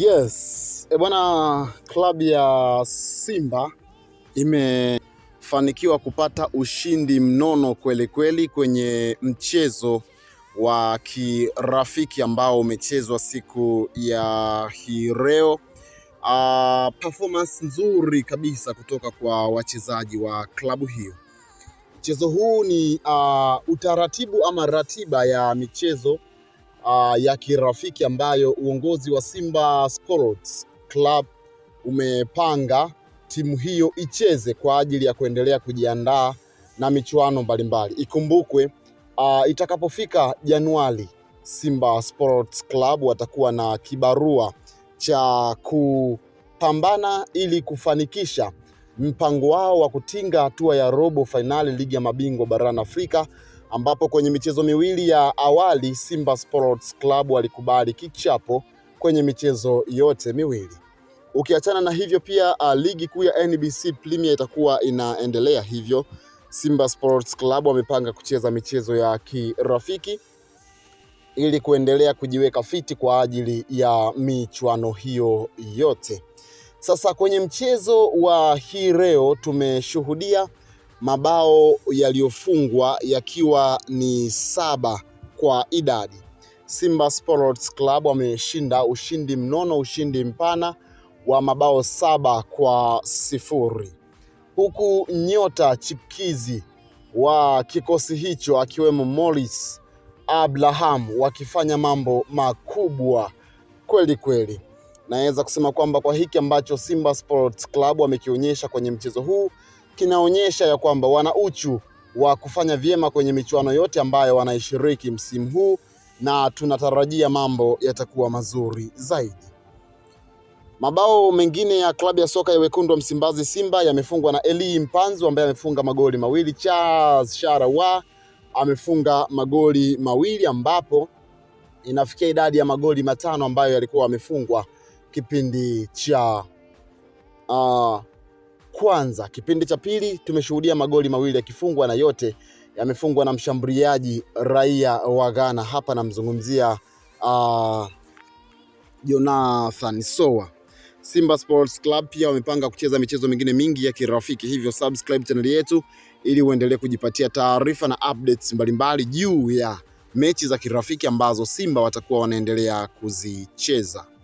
Yes, e bwana, klabu ya Simba imefanikiwa kupata ushindi mnono kweli kweli kwenye mchezo wa kirafiki ambao umechezwa siku ya hireo. Uh, ah, performance nzuri kabisa kutoka kwa wachezaji wa klabu hiyo. Mchezo huu ni uh, utaratibu ama ratiba ya michezo uh, ya kirafiki ambayo uongozi wa Simba Sports Club umepanga timu hiyo icheze kwa ajili ya kuendelea kujiandaa na michuano mbalimbali. Ikumbukwe uh, itakapofika Januari, Simba Sports Club watakuwa na kibarua cha kupambana ili kufanikisha mpango wao wa kutinga hatua ya robo fainali ligi ya mabingwa barani Afrika ambapo kwenye michezo miwili ya awali Simba Sports Club walikubali kichapo kwenye michezo yote miwili. Ukiachana na hivyo pia uh, ligi kuu ya NBC Premier itakuwa inaendelea hivyo. Simba Sports Club wamepanga kucheza michezo ya kirafiki ili kuendelea kujiweka fiti kwa ajili ya michuano hiyo yote. Sasa kwenye mchezo wa hii leo tumeshuhudia mabao yaliyofungwa yakiwa ni saba kwa idadi. Simba Sports Club wameshinda ushindi mnono, ushindi mpana wa mabao saba kwa sifuri, huku nyota chipukizi wa kikosi hicho akiwemo Morris Abraham wakifanya mambo makubwa kweli kweli. Naweza kusema kwamba kwa hiki ambacho Simba Sports Club wamekionyesha kwenye mchezo huu kinaonyesha ya kwamba wana uchu wa kufanya vyema kwenye michuano yote ambayo wanaishiriki msimu huu, na tunatarajia mambo yatakuwa mazuri zaidi. Mabao mengine ya klabu ya soka ya wekundu wa Msimbazi Simba yamefungwa na Eli Mpanzu ambaye amefunga magoli mawili, Charles Sharawa amefunga magoli mawili, ambapo inafikia idadi ya magoli matano ambayo yalikuwa amefungwa kipindi cha uh, kwanza. Kipindi cha pili tumeshuhudia magoli mawili yakifungwa na yote yamefungwa na mshambuliaji raia wa Ghana. Hapa namzungumzia uh, Jonathan Sowa. Simba Sports Club pia wamepanga kucheza michezo mingine mingi ya kirafiki, hivyo subscribe channel yetu ili uendelee kujipatia taarifa na updates mbalimbali juu ya mechi za kirafiki ambazo Simba watakuwa wanaendelea kuzicheza.